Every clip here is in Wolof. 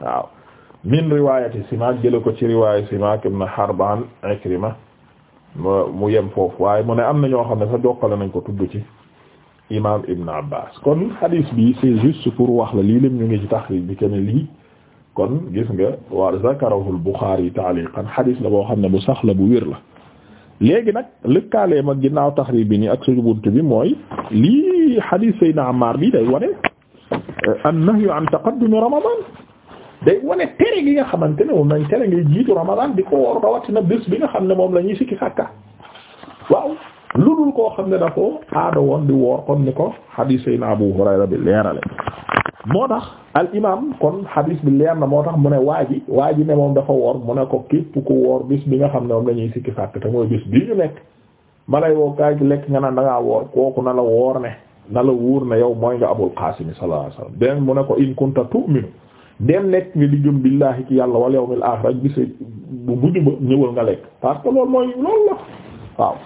waaw min riwayati Simaak jële ko ci riwaya Simaak ibn Harb an Ikrima mu yem foofu waaye mu ne am na ñoo xam ne sax jokkale nañ ko tudd ci imam Ibn Abbas kon hadith bi c'est juste pour wax la lii lém ñu ngi ci taxrij bi kenn li kon gis nga wa zakarahu al-Bukhari ta'liqan hadith la boo xam ne bu sax la bu wér la léegi nag lëkkaaleem ak ginnaaw taxrij bi nii ak suñu bunt bi mooy lii hadith Seydina Ammar bi day wane an-nahyu an taqaddumi Ramadan day wane tere gi nga xamante ne moom nañ tere ngay jiitu ramadan di ko woor rawatina bés bi nga xam ne moom la ñuy sikki sàkka waaw lu dul koo xam ne dafa aada woon di woor kon ni ko xadiis sayna Abu Hurayra bi leerale moo kon xadiis bi leer na moo tax mu ne waa ji waa ji ne moom dafa woor mu ne ko kii ku woor bés bi nga xam ne moom la ñuy sikki sàkk te mooy bés bi ñu nekk malay woo kaay lekk nga naan da ngaa woor kooku na la woor ne na la wóor ne yow mooy nga Abul Qaasim sallallahu alayhi wasallam beneen ko in dem nekk nga di gëm billaahi ci yàlla wal yawmil aaxir ak gise bu mujj ba ñëwal nga lekk parce que loolu mooy loolu la waaw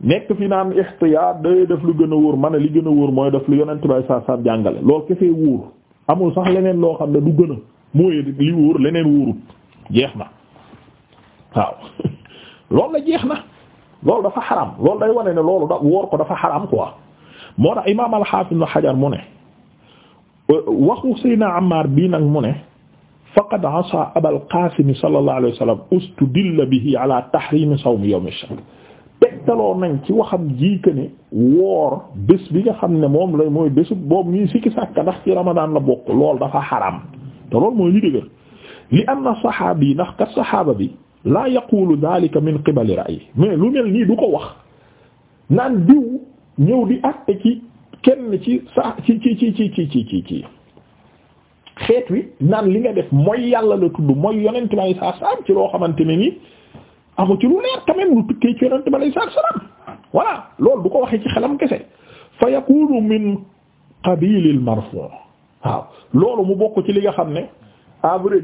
nekk fi naan ihtiyaat day def lu gën a wóor ma ne li gën a wóor mooy def lu yonent bay sa sa jàngale loolu kefee amul sax leneen loo xam ne du gën a mooy li wóor leneen wóorut jeex na waaw loolu la jeex na loolu dafa xaram loolu day wane ne loolu da wóor ko dafa xaram ko moo tax imaam al-Hafiz Ibn mu ne waxu Seydina Ammar bii nag mu ne faqad asa abal qaasimi sallallahu alayhi wa sallam ustudilla bihi ala tahrimi sawmi yawmi shakk tegtaloo nañ ci waxam jii que ne woor bés bi nga xam ne moom la mooy bésu boobu ñuy sikki sàkka ndax ci ramadaan la bokk lool dafa xaram te loolu mooy li dëgër li anna saxaabi yi ndax kat saxaaba bi laa yaqulu daalika min qibali ra'yi mais lu mel nii du ko wax naan diw ñëw di àtte ci kenn ci sa ci ci ci ci ci ci ci xeet wi naan li nga def mooy yàlla la tudd mooy yonent bi saa saam ci loo xamante ne ni amu ci lu leer quand lu tukkee ci yonent bi saa du ko waxee ci xelam kese fa yakunu min qabilil loolu mu bokk ci li nga xam ne à vrai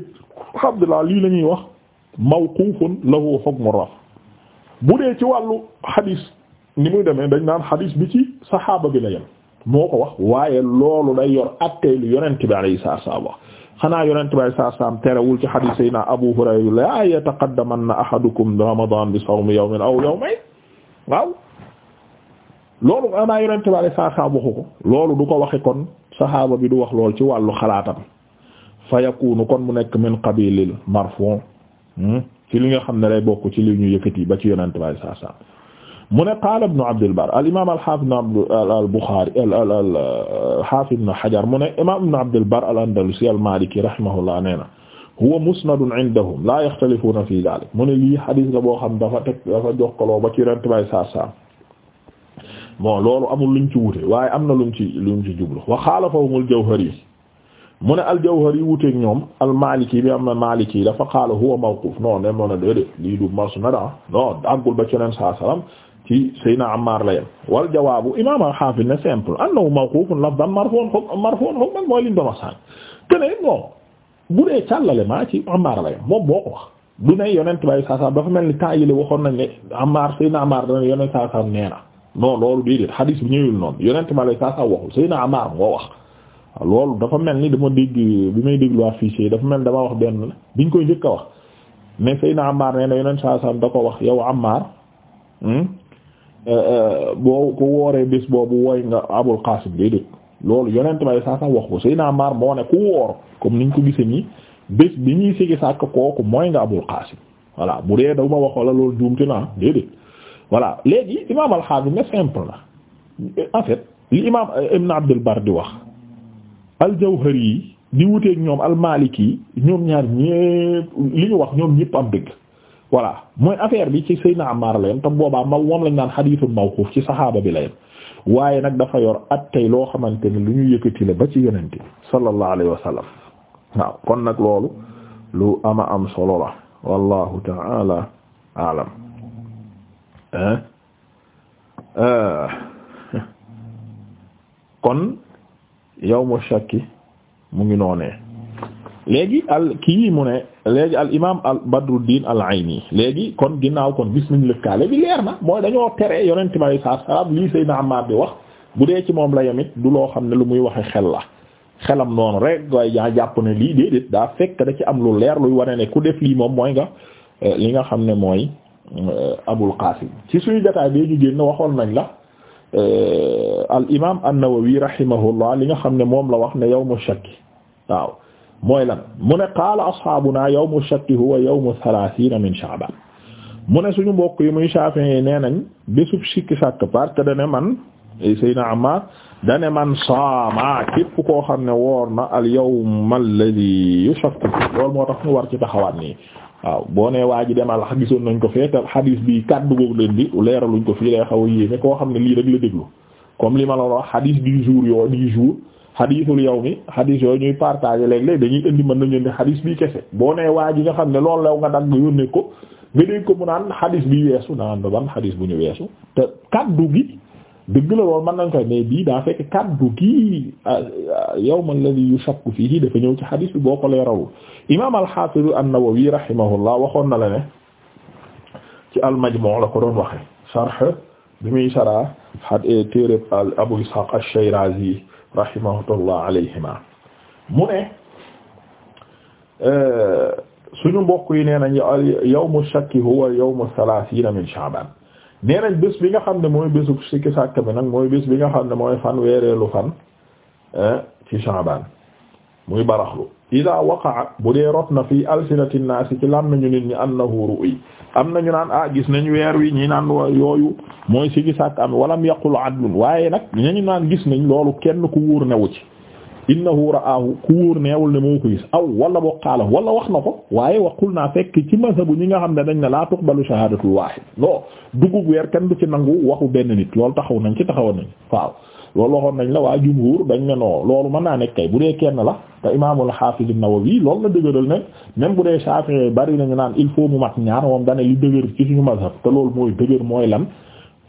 alhamdulillah la ñuy wax mawqufun lahu hukmu raf bu dee ci wàllu hadis ni muy demee dañ naan hadis bi ci saxaaba bi la yem. moo ko wax waaye loolu day yor attey lu yonent bi alayhi salaam wax xanaa yonent bi alayhi salaam terewul ci hadith sayna Abu Hurayra la yataqaddamanna ahadukum ramadan bi sawmi yawmin aw yawmayn waaw loolu xanaa yonent bi alayhi salaam waxu ko loolu du ko waxe kon saxaaba bi du wax lool ci wàllu xalaatam fa yakunu kon bu nekk min qabilil marfu' hmm, ci li nga xam ne lay bokk ci li ñu yëkkati ba ci yonent bi alayhi salaam mu ne qaala ibnu Abdul Barr al imaam al xaafid al Buxaari al al xaafid ibnu Hajar mu ne imaam ibnu Abdul Barr al Andalusi al Maaliki rahimahullah nee na huwa musnadun indahum laa yaxtalifuuna fii daalik mu ne lii xadiis la boo xam dafa teg dafa jokkaloo ba ci rent bay saa saa bon loolu amul luñ ci wute waaye am na luñ ci luñ ci jublu wa xaalafahum al Jawhari mu ne al Jawhari wuteek ñoom al Maaliki bi am na Maaliki dafa qaala huwa mawquuf non ne moo ne déedéet lii du musnad ah, non àggul ba ci rent saa salaam ci Seydina Ammar la yem wal jawaabu imaam al-Hafiz ne simple annahu mawqufun la yem moom yonent bay dafa mel ni temps yii waxoon nañ ne Ammar Seydina Ammar dana yonent saa saa nee na mel ni dama dégg may déglu waa fichier mel ni dama biñ koy njëkk a wax mais Seydina Ammar nee na yonent saa saa da ko wax yow Ammar. Hmm? Euh, euh, boo ko wooree bés boobu woy nga abul qaasim déedéet loolu yonent bay saa sax wax ko suy naa maar moo ne ku woor comme ni ñu ko gisee nii bés bi ñuy sigi sàkk kooku mooy nga abul qaasim voilà bu dee dama wax wala loolu juumte naa déedéet voilà léegi imaam alxaafis ne simple la en fait li imaam euh, ibn abdul bar di wax aljawhari yi di wuteeg ñoom almaliki yi ñoom ñaar ñépp li ñu wax ñoom ñépp am dëgg voilà mooy affaire bi ci Seydina Ammar la yem te boobaa ma moom lañ naan xadiisu mawquuf ci saxaaba bi la waaye nag dafa yor at tey loo xamante ni lu ñu yëkkati la ba ci yonent bi sallallahu alayhi wa waaw kon nag loolu lu ama am solo la wallahu ta'ala a'lam kon yawmu shakki mu ngi noonee léegi al kii mu ne léegi al imaam al Badruddin al Ayni léegi kon ginnaaw kon gis nañu lëkkaale leer na mooy dañoo tere yonent bi alayhi salaatu wa salaam lii Seydina Ammaar bi wax bu dee ci moom la yamit du loo xam ne lu muy waxe xel la xelam noonu rek waaye yaa jàpp ne lii déedéet daa fekk da ci am lu leer luy wane ne ku def lii moom mooy nga euh, li nga xam ne mooy euh, Abul Qaasim ci suñu jotaay bee ñu génn waxoon nañ la euh, al imaam an-Nawawi rahimahullah li nga xam ne moom la wax ne yawmu shakk mooy lan mu ne qaala ashaabuna yawmu shakki huwa yawmu thalathina min sha'ban mu ne suñu mbokk yi muy Shafi'i nee nañ bésub sikki sàkk parce que dane man Seydina Ammar dane man saama képp koo xam ne woor na al yawm alladhi yushakku loolu moo tax ñu war ci taxawaat nii waaw boo nee waa ji demal gisoon nañ ko fee te xadiis bi kàddu googu leen di leeraluñ ko fi lay xaw a yéeme koo xam ne lii rek la déglu comme li ma la wax xadiis du jour yoo xadiisul yawmi xadiis yooyu ñuy partager léeg-léeg dañuy indi mën nañu indi xadiis bii kese boo nee waa ji nga xam ne loolu law nga dagg yónnee ko nga dégg ko mu naan xadiis bi weesu naan ba ban bu ñu weesu te kaddu gi dëgg la loolu mën nañ koy mais bii daa fekk kaddu gi yawma alladhi yushakku fihi dafa ñëw ci xadiis bi boo ko leeralul imaam al-Hafiz an-Nawawi rahimahullah waxoon na la ne ci al-Majmu' la ko doon waxe sarh bi muy sara eh, téere Abu Ishaq ash-Shirazi rahimahullah alayhima mu ne e, suñu mbokk yi nee nañ yawmu shakki huwa yawmu thalathina min sha'ban nee nañ bés bi nga xam ne mooy bésu sikki sàkk bi nag mooy bés bi nga xam ne mooy fan weereelu fan e, ci sha'ban muy baraxlu ida waqaa bu dee rot na fii alsinati nnaasi ci lam nañu nit ñi annahu ru'yi am nañu naan ah gis nañ weer wi ñi naan yooyu mooy sigi sàkk am walam yaqul adlun waaye nag ñañu naan gis nañ loolu kenn ku wóor newu ci innahu ra'aahu ku wóor neewul ne moo ko gis aw wala boo xaalahu wala wax na ko waaye waqul naa fekk ci mazhabu ñi nga xam ne dañ na laa tuqbalu shahadatul waahid non dugub weer kenn du nangu waxu benn nit loolu taxaw nañ ci taxawoon nañ waaw loolu waxoon nañ la waa jumhur dañ ne non loolu mën naa nekk kay bu dee kenn la te imaamul xaafis an-Nawawi loolu la dëgëral ne même bu dee Shafi'i bari nañu naan il faut mu mat ñaar moom dane li dëgër ci suñu mazhab te loolu mooy dëgër mooy lan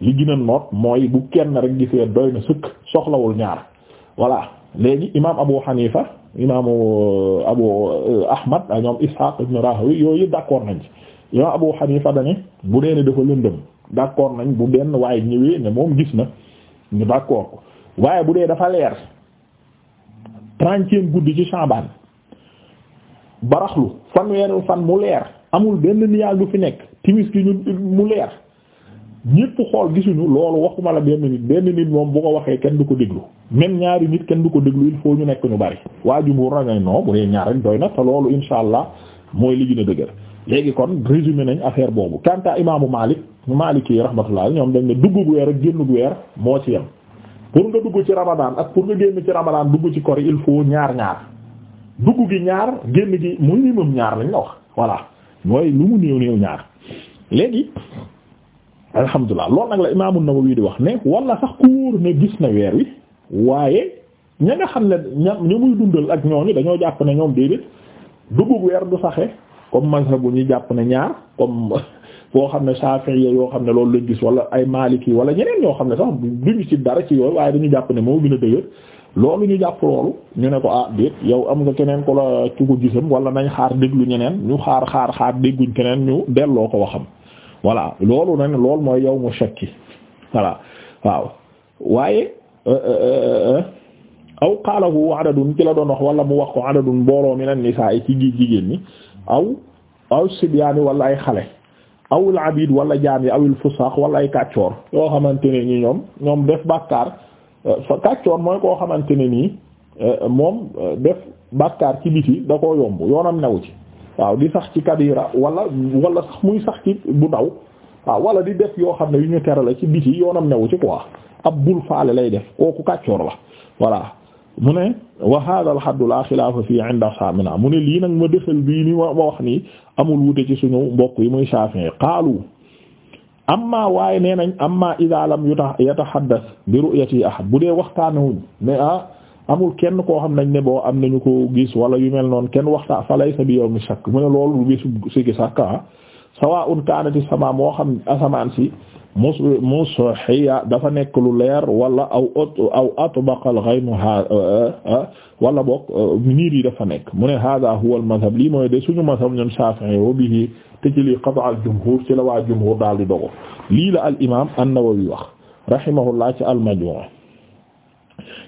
li gën a noot mooy bu kenn rek gisee doy na sëkk soxlawul ñaar voilà léegi imaam Abu Hanifa imaamu euh, Abu euh, Ahmad ak ñoom Ishaq ibn Rahowi yooyu d'accord nañ ci imaam Abu Hanifa dane bu dee ne dafa lëndëm d'accord nañ bu benn waaye ñëwee ne moom gis na ñu d'accord ko waaye bu dee dafa leer trentième guddi ci Shaaban baraxlu fanweeru fan mu leer amul benn nuage bu fi nekk timis gi ñu mu leer ñépp xool gisuñu loolu waxuma la benn nit benn nit moom bu ko waxee kenn du ko déglu même ñaari nit kenn du ko déglu il faut ñu nekk ñu bari waa jumhur rangay non bu dee ñaar rek doy na te loolu insha allah mooy li gën a dëgër léegi kon résumé nañ affaire boobu quant à imaamu Maalik Maalik yi rahmatullah ñoom dañ ne dugg bu weer ak génn bu weer moo ci yem pour nga dugg ci ramadan ak pour nga génn ci ramadan dugg ci kori il faut ñaar ñaar dugg gi ñaar génn gi mu minimum ñaar lañ la wax voilà mooy lu mu néew néew ñaar léegi alhamdulilah loolu nag la imaamu Nawawi di wax ne wala sax ku wóor ne gis na weer wi waaye ña nga xam ne ña ña muy dundal ak ñooñu dañoo jàpp ne ñoom déedéet dugg weer du saxe comme mazhabu ñu jàpp ne ñaar comme koo xam ne Shafi'i yoo xam ne loolu lañ gis wala ay Maliki wala ñeneen yoo xam ne sax duñu ci dara ci yooyu waaye dañu jàpp ne moo gën a dëgër loolu ñu jàpp loolu ñu ne ko ah déet yow am nga keneen ko la ci ko gisam wala nañ xaar déglu ñeneen ñu xaar xaar xaar dégguñ keneen ñu delloo ko waxam voilà loolu na ne lool mooy yow mu shakki voilà waaw waaye euh, euh, euh, aw qaalahu adadun ci la doon wax wala mu wax ko adadun mbooloo mi nan nisaa yi ci jigéen ñi aw aw sibyaani wala ay xale awul abid wala jaam yi awul fusaax wala ay kàccoor yoo xamante ne ni ñoom ñoom def bàkkaar euh, fa kàccoor mooy koo xamante ne nii euh, moom euh, def bàkkaar ci biti da koo yomb yoonam newu ci waaw di sax ci kabira wala walla sax muy sax ci bu ndaw waaw wala di def yoo xam ne yu ñu tere la ci biti yoonam newu ci quoi ab bul faale lay def kooku kàccoor la voilà mu ne wa hada la hadd la xilaafa fii inda ashaabina mu ne lii nag ma defal bii ni ma wax nii amul wute ci suñu mbokk yi muy Shafi'i qaalu amma waaye nee nañ am amma idha lam yatahaddath bi ru'yati ahad bu dee waxtaan waxtaanewuñ ne ah amul kenn koo xam nañ ne boo am nañu ko gis wala yu mel noon kenn waxtaan fa laysa bi yawmi shakk mu ne lool loolu lu si sigi sàkka ah. sawaa'un kaanati samaa moo xam asamaan si mus mushiya dafa nekk lu leer wala aw aw atbaqal ghaymu eh, eh, wala boog eh, niir yi dafa nekk mu ne hada huwa al mazhab lii mooy de suñu mazhab ñun Shafi'i wa bihi te ci lii qata al jumhur ci la waa jumhur daal di dogo lii la al imaam an-Nawawi wax rahimahullah ci al majmu'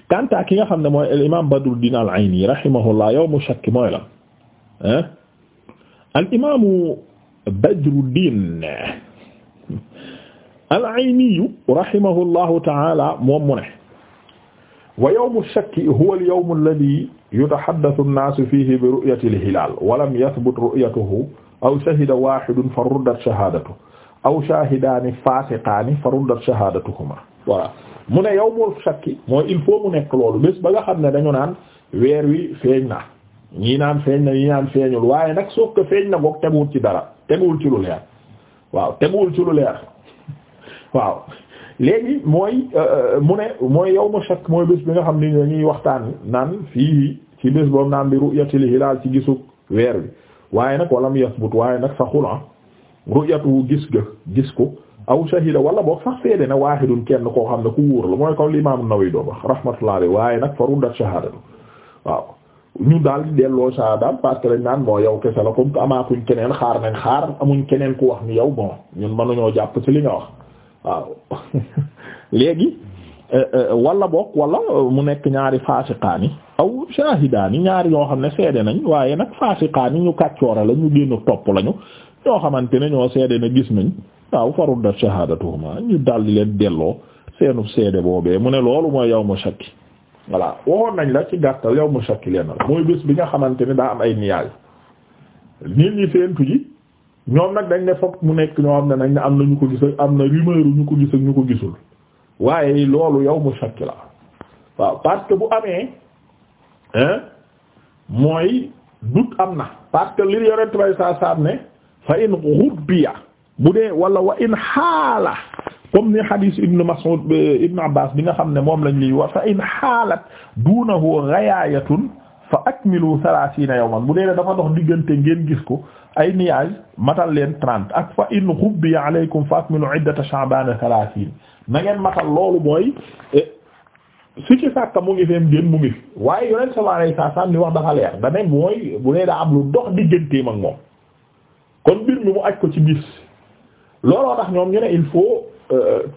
kanta ki nga xam ne mooy al imaam Badruddin al-Ayni rahimahullah yawmu shakk mooy la ah al imaamu Badruddin al-Ayni rahimahullahu ta'ala moom mu ne wa yawmu shakki huwa al-yawmu alladhi yutahaddathu an-naasu fiihi bi ru'yati al-hilaal wa lam yathbut ru'yatuhu aw shahida waahidun faruddat shahaadatuhu aw shaahidaani faasiqaani faruddat shahaadatuhumaa voilà mu ne yawmul shakki mooy il faut mu nekk loolu bés ba nga xam ne dañu naan weer wi feeñ na ñii naan feeñ na ñii naan feeñul waaye nag soog ko feeñ na boog teguwul ci dara. teguwul ci lu leer waaw teguwul ci lu leer waaw léegi mooy euh, euh, mu ne mooy yawmu shakk mooy bés bi nga xam ne dañuy waxtaan naan fii ci bés boobu naan bi ru'yatil hilaal ci gisu weer bi waaye nag wala mu yasbut waaye nag saxul ah ru'yatu gis gis ko aw shahida wala boog sax seede na waahidun kenn koo xam ne ku wóor la mooy comme l'imam An-Nawawi doo wax rahmatullahi waaye nag fa ruddat shahaadatu waaw ñu daal di delloo saadaam parce que lañ naan moo yow kese la comme que amaatuñ keneen xaar nañ xaar amuñ keneen ku wax ni yow bon ñun mënuñoo jàpp ci li nga wax waaw léegi euh, euh, wala bokk wala euh, mu nekk ñaari faasiqaani aw shaahidaani ñaari ñoo xam ne seede nañ waaye nag faasiqaani ñu kàccoora la ñu génn topp lañu ñoo xamante ne ñoo seede na gis nañ waaw farudda shahaadatuhuma ñu daal di leen delloo seenu seede boobee mu ne loolu mooy yawmu shakki voilà waxoon nañ la ci gàttal yow mu shakki leen la mooy bés bi nga xamante ne daa am ay niyaay nit ñi séentu ji ñoom nag dañ ne foog mu nekk ñoo xam ne nañ ne am na ñu ko gis am na rumeur ñu ko gis ak ñu ko gisul waaye loolu yow mu shakki la waaw parce que bu amee mooy doute am na parce que li yorent bay saa saam ne fa in ghurbiya bu dee wala wa in xaala comme ni hadith ibn Mas'ud euh, ibn Abbas bi nga xam ne moom lañ liy wax fa in xaalat duunahu ghayaayatun fa akmilu thalathina yawman bu dee dafa dox diggante ngeen gis ko ay niyaaj matal leen trente ak fa in ghubbiya alaykum fa akmilu iddata sha'bana thalathin na ngeen matal loolu mooy eh, su ci sàkka mu ngi feem ngeen mu ngi fi waaye yoneen sallallahu alayhi wasallam ni wax dafa leer da ne mooy bu dee daa am lu dox digganteem ak moom kon mbir mu aj ko ci bis looloo tax ñoom ñu ne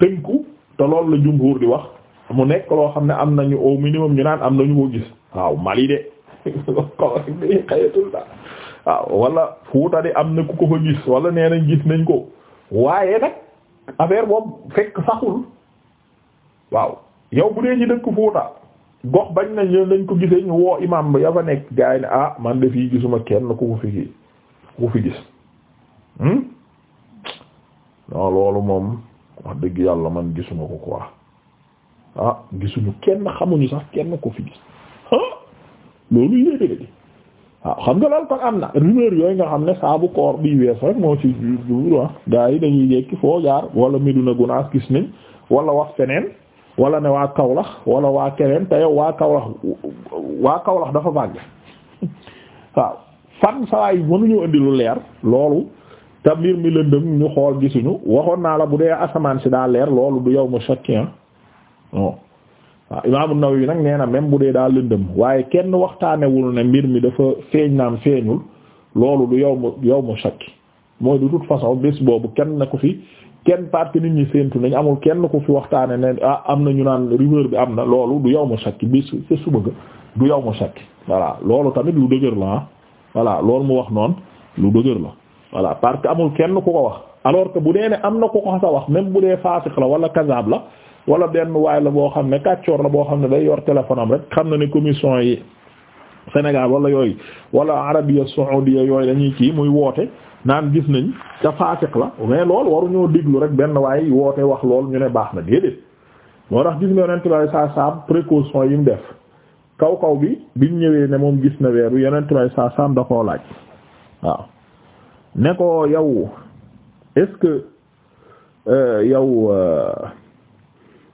tënku te loolu la jumhur di wax mu nekk loo xam ne am nañu au minimum ñu naan am nañu ko gis waaw Mali de waaw wala Fuuta de am na ku ko fa gis wala nee nañ gis nañ ko waaye nag affaire boobu fekk saxul waaw yow bu dee ñi dëkk Fuuta gox bañ nañ ñoom nañ ko gisee ñu woo imam ya fa nekk gars yi ne ah man de fii gisuma kenn ku ko fi ku fi gis hmm? non loolu moom. wax dëgg yàlla man gisuma ko quoi ah gisuñu kenn xamuñu sax kenn ko fi gis ah loolu yéege waaw xam nga loolu kon am na rumeur yooyu nga xam ne saabu koor bi wees rek moo ci jur ah gaa yi dañuy yekki foo jaar wala Medina Gunaas gis nañ wala wax feneen walla ne waa Kaolack wala waa keneen te yow waa Kaolack waa Kaolack dafa bàgg waaw fan saa yi mënuñoo indi leer loolu. te mbir mi lëndëm ñu xool gisuñu waxoon naa la bu dee asamaan si daa leer loolu du yow mu sotti ah non waaw Imaam An-Nawawi nag nee na même bu dee daa lëndëm waaye kenn waxtaanewul ne mbir mi dafa feeñ naam feeñul loolu du yow mu yow mu sotti mooy de toute façon bés boobu kenn na ko fi kenn parce que nit ñi séentu nañ amul kenn ko fi waxtaane ne ah am na ñu naan rumeur bi am na loolu du yow mu sotti bés ca suba ga du yow mu sotti voilà loolu tamit lu dëgër la ah voilà loolu mu wax noonu lu dëgër la. voilà parce que amul kenn ku ko wax alors que bu dee ne am na ku ko xasa wax même bu dee faasiq la wala kazaab la wala benn waay la boo xam ne kàccoor la boo xam ne day yor téléphone rek xam na ne commission yi Sénégal wala yooyu wala Arabia Saoudia yooyu dañuy kii muy woote naan gis nañ ca faasiq la mais loolu waruñoo diglu rek benn waay woote wax lool ñu ne baax na déedéet moo tax gis nga yonent bi saa saam précaution yi mu def kaw kaw bi biñ ñëwee ne moom gis na weeru yonent bi saa saam da koo ne ko yow est-ce que euh, yow euh,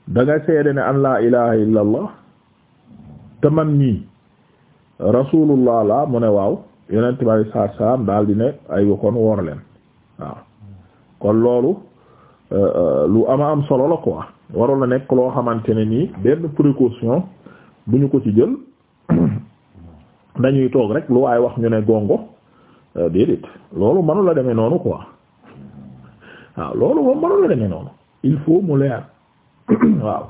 danga nga seede ne an laa ilaha illa te man ñii rasulullah laa mu ne waaw yonent bi alei saatu salaam daal di ne ay kon woor leen waaw kon loolu euh, lu ama am solo la quoi waroon la nekk loo xamante ne nii benn précaution bu ñu ko ci jël dañuy toog rek lu waaye wax ñu ne gongo Euh, déedéet loolu mënu la demee noonu quoi waaw loolu moom mënu la demee noonu il faut mu leer waaw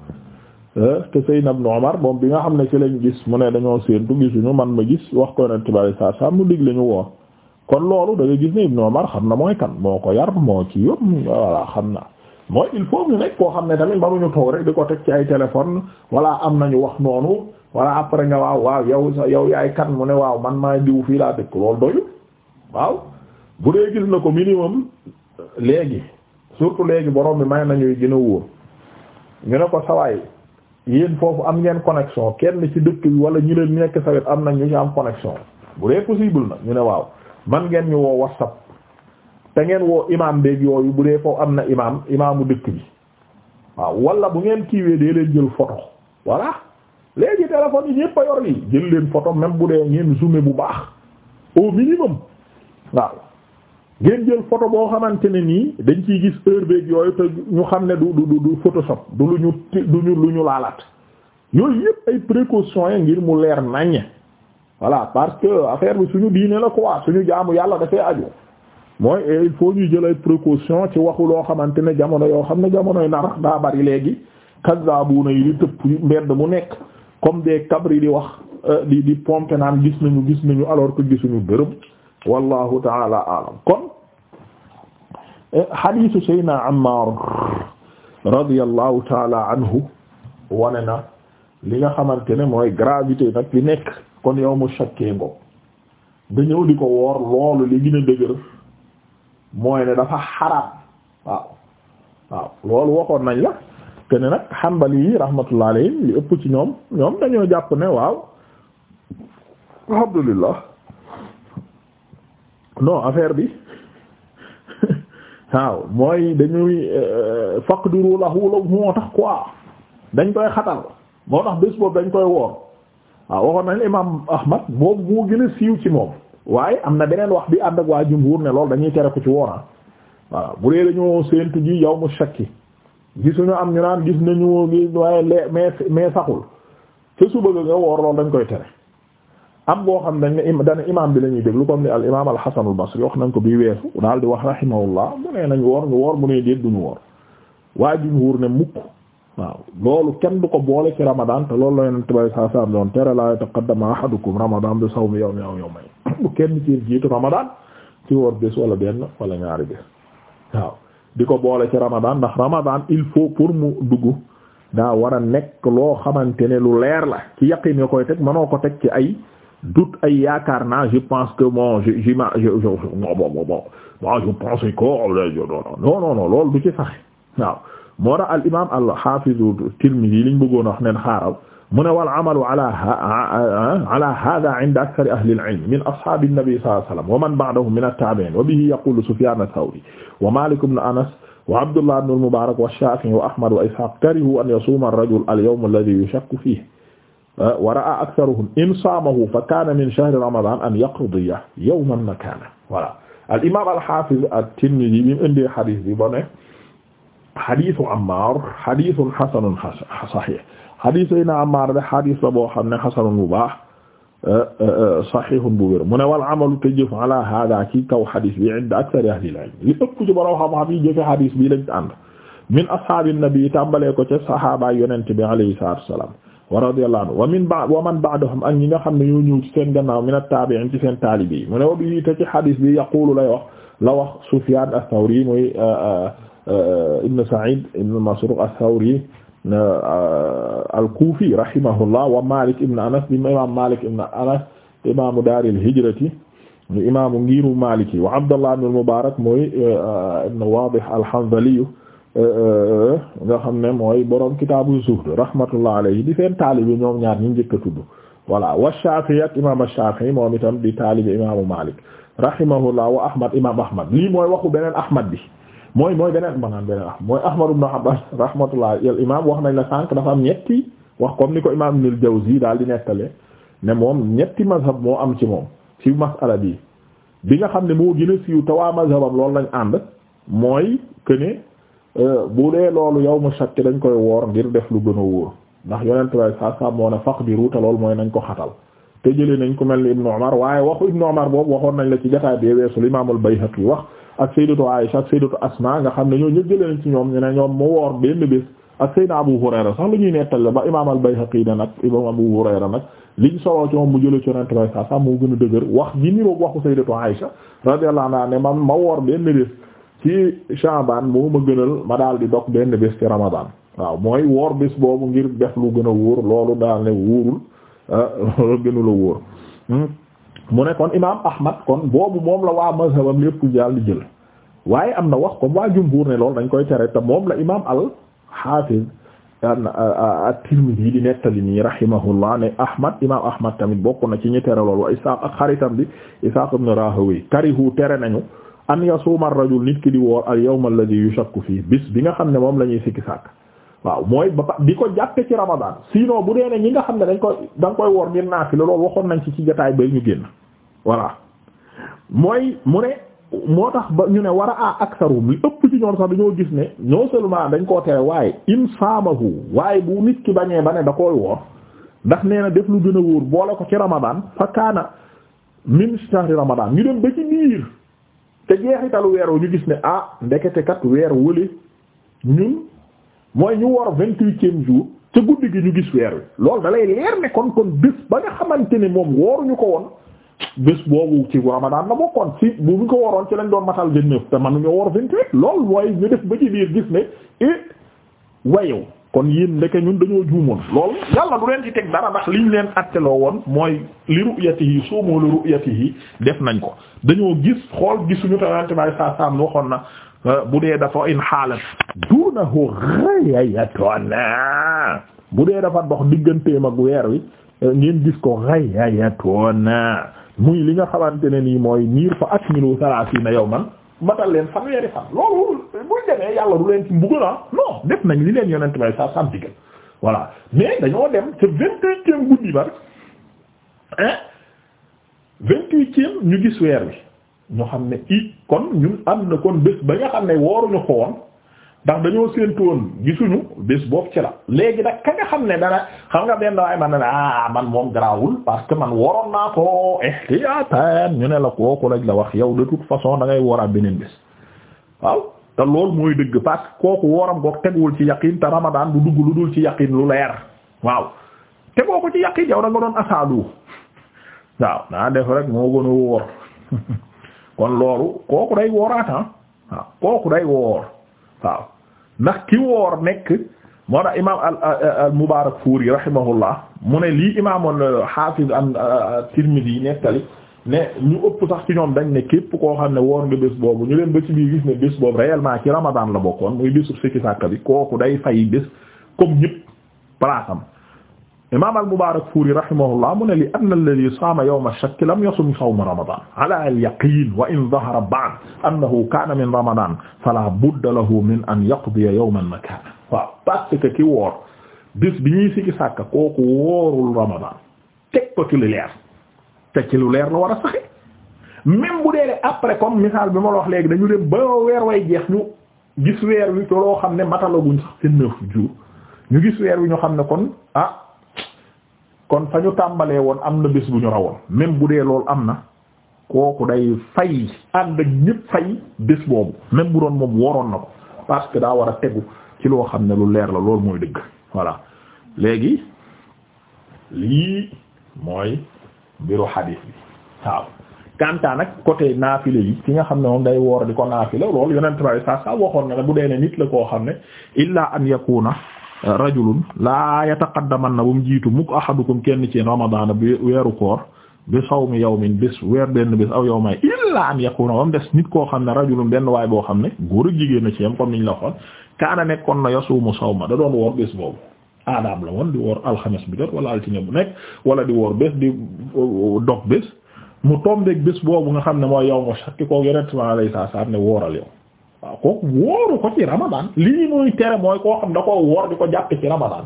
euh, te Seydina Ibn Umar moom bi nga xam ne ci lañ gis mu ne dañoo séentu gisuñu man ma gis wax ko yonent bi saa saa mu digg ñu woor kon loolu da nga gis ne Ibn Umar xam na mooy kan moo ko yar moo ci yëpp voilà xam na mooy il faut ñu nekk koo xam ne tamit mënuñu toog rek di ko teg ci ay téléphone wala am nañu wax noonu wala après nga waaw waaw yow sa yow yaay kan mu ne waaw man maa diw fii laa dëkk loolu doyul. waaw bu dee gis na ko minimum léegi surtout léegi borom bi may nañuy gën a wóor ñu ne ko sawaay yéen foofu am ngeen connexion kenn ci dëkk bi wala ñu leen nekk sawet am na ñu ci am connexion bu dee possible na ñu ne waaw man ngeen ñu woo whatsapp te ngeen woo imam beeg yooyu bu dee foofu am na imam imaamu dëkk bi waaw wala bu ngeen kiiwee dee leen jël photo voilà léegi téléphone yi ñépp a yor yi jël leen photo même bu dee ngeen zoomé bu baax au waaw ngeen jël photo boo xamante ne nii dañ ci gis heure beeg yooyu te ñu xam ne du du du photoshop du lu ñu du ñu lu ñu laalaat yooyu yëpp ay précautions yi ngir mu leer naññe voilà parce que affaire bi suñu diine la quoi suñu jaamu yàlla dafay aju mooy eh, il faut ñu jël ay précautions ci waxu loo xamante ne jamono yoo xam ne jamonoy nar daa bari léegi kazzabuna yi di tëpp mbedd mu nekk comme des cabri di wax euh, di di pompe naan gis nañu gis nañu alors que gisuñu dërëm. wallahu taala alam kon eh, hadiisu Seydina Ammaar radiyallahu taala anhu wane na li nga xamante ne mooy gravité nag li nekk kon yow mu shakkee ngo nga ñëw di ko woor loolu li gën a dëgër mooy ne dafa xaraam waaw loolu waxoon nañ la te nag Hanbali yi rahmatullah alayhi li ëpp ci ñoom ñoom dañoo jàpp ne waaw alhamdulillah non affaire bi waaw mooy dañuy euh, faqdiru lahu law moo tax quoi dañ koy xatal moo tax bés boobu dañ koy woor waaw waxoon nañ imaam Ahmad boobu moo gën a siiw ci moom waaye am na beneen wax bi ànd ak waa jumhuur ne loolu dañuy tere ku ci wooraan waaw bu dee dañoo séentu ji yawmu shakki gisuñu am ñu naan gis nañu waaye lee mais mais saxul te suba nga woor loolu dañ koy tere. am boo xam dañ ne dana imaam bi la ñuy déglu comme ni al imaam al Hasan al Basri wax nañ ko bii weesu daal di wax rahimahullah mu nee nañ woor ñu woor mu nee déet duñu woor waa jumhuur ne mukk waaw loolu kenn du ko boole ci ramadan te loolu la yonent bay saa saam doon tere la yataqaddama ahadukum ramadan bi sawmi yawmin aw yawmayn bu kenn ci jiitu ramadan ci woor bés wala benn wala ñaari bés waaw di ko boole ci ramadan ndax ramadan il faut pour mu dugg daa war nekk loo xamante ne lu leer la ci yaqin nga koy teg ko teg ci ay doute ay yaakaar naa je pense que bon je je je bon bon bon moi je pense que non non non loolu du ci sax waaw moo tax al imaam al hafiz Tirmidhi liñ bëggoon wax ne xaaral mu ne wal amalu ala ala hada inda akthar ahli al ilm min ashab an nabi sallallahu alayhi wasallam wa man ba'dahum min at-tabi'in wa bihi yaqulu Sufyan ath-Thawri wa Malik ibn Anas wa Abdullah ibn al-Mubarak wa Shafi'i wa Ahmad wa Ishaq karihu an yasuma ar-rajul al-yawm alladhi yushakku fihi wa ra'a aktharuhum in saamahu fa kaana min shahri ramadan an yaqdiya yawman makaana voilà al imam al hafiz at-Tirmidhi bi mu indee hadith bi ba ne hadithu Ammar hadithun hasanun sahih hadith sayna Ammar de hadith la boo xam ne hasanun bu baax euh, euh, euh, sahihun bu wér mu ne wal amalu te jëf ala hada ci kaw hadith bi inda akthari ahli al-ilm li ëpp ci borom xam-xam yi jëfe hadith bi lañ ànd min ashabi nabi tàmbalee ko ca sahaaba yonent bi alayhi salaatu wa salaam wa radiyallahu anhu wa min ba'd wa man ba'dahum ak ñi nga xam ne ñoo ñëw ci seen gannaaw min at-tabi'in ci seen taalibe yi mu ne wa bi te ci xadis bi yaqulu lay wax la wax Sufyan ath-Thawri muy euh, euh, Ibn Sa'id Ibn Masruq ath-Thawri euh, al-Kufi rahimahullah wa Malik ibn Anas bi imam Malik ibn Anas imamu dar al-hijrati imamu ngiru Maliki wa Abdullah ibn al-Mubarak mooy ibn Wadih al-Hanzali Euh, euh, euh, nga xam ne mooy borom kitaabu zuhd rahmatullah alayhi di seen taalibi ñoom ñaar ñu njëkk a tudd voilà wa Shafi'i ak imaam Shafi'i moom itam di taalibi imaamu Malik rahimahullah wa Ahmad imaam Ahmad lii mooy waxu beneen Ahmad bi mooy mooy beneen banaan beneen Ahmad mooy Ahmad ibn Hanbal rahmatullah al imaam wax nañ la sànq dafa am ñetti wax comme ni ko imaam Ibn al-Jawzi daal di nettale ne moom ñetti mazhab moo am ci moom ci masala bi bi nga xam ne moo gën a siiw te loolu lañ ànd mooy Euh, bu dee loolu yow mu shakki dañ koy woor ngir def lu gën a wóor ndax yonent way saa saa moo ne faqdiru loolu mooy nañ ko xatal te nañ ko mel ni Ibnu waaye waxu Ibnu Umar boobu waxoon nañ la ci jotaay bi weesu Imaamul Bayhaqi wax ak Sayyidatu Aisha ak Sayyidatu Asma nga xam ne ñoo ñëpp jëlee nañ ci ñoom ñu lu ñuy nettali ba Imaamul Bayhaqi ne nag Imaam Abu Hurayra nag liñ soloo ci moom mu gën a dëgër wax ji niroo waxu Sayyidatu Aisha radiyallahu anha ne man ma woor benn bés ci Shaaban moo ma gënal ma daal di dog benn bés ci Ramadan waaw mooy woor bés boobu ngir def lu gën a wóor loolu daal ne wóorul ah, loolu gënula wóor hmm? mu ne kon imaam Ahmad kon boobu moom la waa mazhabam lépp daal di jël waaye am na wax comme waa jumhuur ne loolu dañ koy tere tam moom la imaam al-Haafiz at-Tirmidhi di nettali nii rahimahullah ne Ahmad imaam Ahmad tamit bokk na ci ñi tere loolu wa Isaaq ak xaritam bi Isaaq ibn Rahawayh karihu tere nañu an yasuuma ar-rajul nit ki di woor al-yawm alladhi yushakku fii bis bi nga xam ne moom lañuy ñuy sikki sàkk waaw mooy ba di ko jàppe ci Ramadan sinon bu dee ne ñi nga xam ne dañ koy da nga koy woor ngir naafila loolu waxoon nañ ci ci jotaay bay ñu génn voilà mooy mu ne moo tax ba ñu ne war a a aksarum li ëpp ci ñoom sax dañoo gis ne ñoo seulement dañ koo tere waaye in saamahu waaye bu nit ki bañee ba ne da koy woor ndax nee na def lu gën a wóor boole ko ci Ramadan fa kaana te jeexitalu weer wu ñu gis ne ah ndekete kat weer wële ñun mooy ñu wor vingt-huitième jour ca guddi gi ñu gis weer wi loolu da lay leer ne kon kon bés ba nga xamante ne moom wooruñu ko woon bés boobu ci Ramadan na bokkoon si bu ñu ko waroon ci lañ doon matal vingt-neuf te mënuñu wor vingt-huit loolu mooy ñu def ba ci biir gis ne eh wayew kon yéen ndeke ñun dañoo juumoon loolu yàlla du leen ci teg dara ndax liñ leen atteloo woon mooy li ru'yatihi suumu li ru'yatihi def nañ ko dañoo gis xool gisuñu tawante may saa saam waxoon na euh, bu dee dafa in xaalat dunahu ghayatun bu dee dafa dox digganteem ak weer wi euh, ngeen gis ko ghayatun muy li nga xamante ne nii mooy niir fa na yow yawman matal leen fanweeri fan loolu buñ demee yàlla du leen ci mbugal ah non def nañ li leen yonent bay sa sam digal voilà mais dañoo dem ca vingt-huitième guddi ba rek vingt-huitième ñu gis weer wi ñu xam ne i kon ñun am na kon ba nga xam ne wooruñu ko ndax dañoo séentu woon gisuñu bés boobu ci la léegi nag ka nga xam ne dana xam nga benn waay man ne ah man moom garaawul parce que man waroon naa ko ihtiyatan ñu ne la kooku lañ la wax yow de toute façon da ngay wooraat beneen bés waaw te lool mooy dëgg parce que kooku wooram goog teguwul ci yaqin te ramadan bu dugg lu dul ci yaqin lu leer waaw te kooku ci yaqin yow da nga doon asaalu waaw naa def rek moo gën a wóor kon loolu kooku day wooraat ah. kooku day woor waaw ndax ki woor nekk moo tax imaam al al Mubaarak Fuuri rahimahullah mu ne lii imaamoon Haafiz euh, an euh, euh, Tirmidhi nettali ne ñu ëpp sax ci ñoom dañ ne képp koo xam ne woor nga bés boobu ñu leen ba ci biir gis ne bés boobu réellement ci Ramadan la bokkoon muy bésu sikki sàkk bi kooku day fay bés comme ñëpp palaasam. imam al-Mubarakfuri rahimahullah mu ne li anna alladhi saama yawma shakk lam yasum sawma ramadan ala al-yaqin wa in dhahara ba'd annahu kana min ramadan fala budda lahu min an yaqdiya yawman makana waaw parce que ki woor bis bi ñuy siki sàkk kooku woorul ramadan teg ko ci lu leer te ci lu leer la war a saxe même bu deene après comme misaal bi ma la wax léegi dañu dem ba weer way jeex ñu gis weer wi loo xam ne matalaguñ sax seen neuf jours ñu gis weer wi ñu xam ne kon ah kon fa ñu tàmbalee woon am na bés bu ñu rawoon même bu dee loolu am na kooku day fay ànd ak ñëpp fay bés boobu même bu doon moom woroon na ko parce que daa war a tegu ci loo xam ne lu leer la lool mooy dëgg voilà léegi lii mooy mbiru xadiis bi waaw kantaa nag côté naafile yi ki nga xam ne moom day woor di ko naafile loolu yonent bi saa saa waxoon na ne bu dee ne nit la koo xam ne illa an na rajulun laa yataqaddamanna bu mu jiitu mukk ahadukum kenn ci ramadaan bi weeru koor bi sawmi yawmin bés weer benn bés aw yow may illaa an na ba mu des nit koo xam ne rajulun benn waay boo xam ne góor ak jigéen a ci yam comme niñ la waxoon kaana nekkoon na yasuumu sawma da doon woor bés boobu aadaam la woon di woor alxames bi jot wala altine bu nekk wala di woor bés di dog bés mu tombeeg bés boobu nga xam ne mooy yow nga shakki koo yonent ma alayhi am ne wooral yow waaw kooku wóoru ko ci ramadan lii muy tere mooy koo xam da ko woor di ko jàppe ci ramadan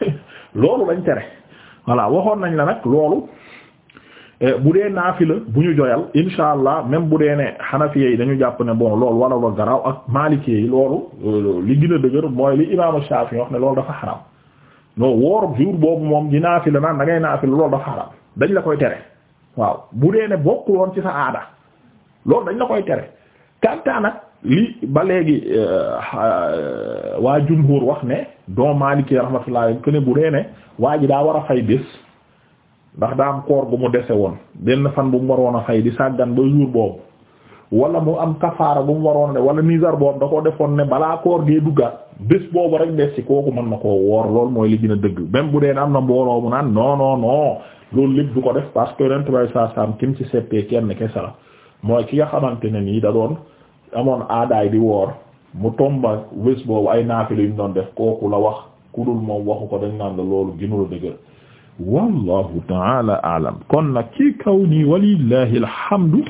loolu lañ tere voilà waxoon nañ la nag loolu eh, bu dee naafila bu ñu joyal insha allah même bu dee ne xanafiye yi dañu jàpp ne bon loolu wala la garaaw ak maalikee yi loolu euh, li gën a dëgër mooy li imaamu Shaafi wax ne loolu dafa xaram non woor jour boobu moom di naafila naan da naafila loolu dafa xaram dañ la koy tere waaw bu dee ne bokkul woon ci sa aada loolu dañ la li ba léegi euh, waa jumhur wax ne don Maliki rahmatullah que ne bu dee ne waa ji daa war a fay bés ndax daa am koor bu mu dese woon benn fan bu mu waroon a fay di sàggan ba jour boobu wala mu am kafaara gu mu waroon a wala misère boobu da ko defoon ne balaa koor gee duggaat bés boobu rek des ci kooku mën na koo woor loolu mooy li gën a dëgg même bu dee ne am na mbooloo mu naan non non non loolu lépp du ko def parce que ren tubaab saa saam kim ci seppee kenn kese la mooy ki nga xamante ne nii da amoon aadaay di woor mu tomba wés boobu ay naafila yu doon def kooku la wax ku dul moom waxu ko dañ naan la loolu ginula dëgër wallahu taala alam kon nag ci kaw nii walillahi alhamdu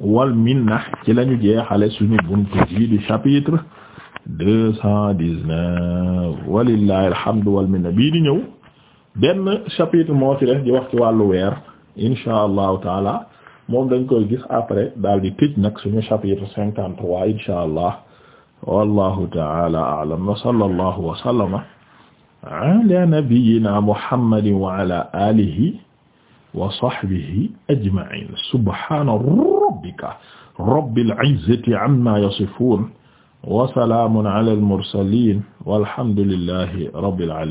wal minna ci lañu jeexale suñu buntu ji di chapitre deux cent dix-neuf alhamdu wal bii di ñëw benn chapitre moo ci def di wax ci wàllu weer insha allahu taala moom dañ koy gis après daal di tëj nag suñu chapitre cinquante trois insha allah wallahu ta'ala a'lam wa sallallahu wa sallama ala nabiyyina muhammadin wa ala alihi wa sahbihi ajma'in subhana rabbika rabbil izzati amma yasifun wa salamun ala al mursalin walhamdulillahi rabbil alamin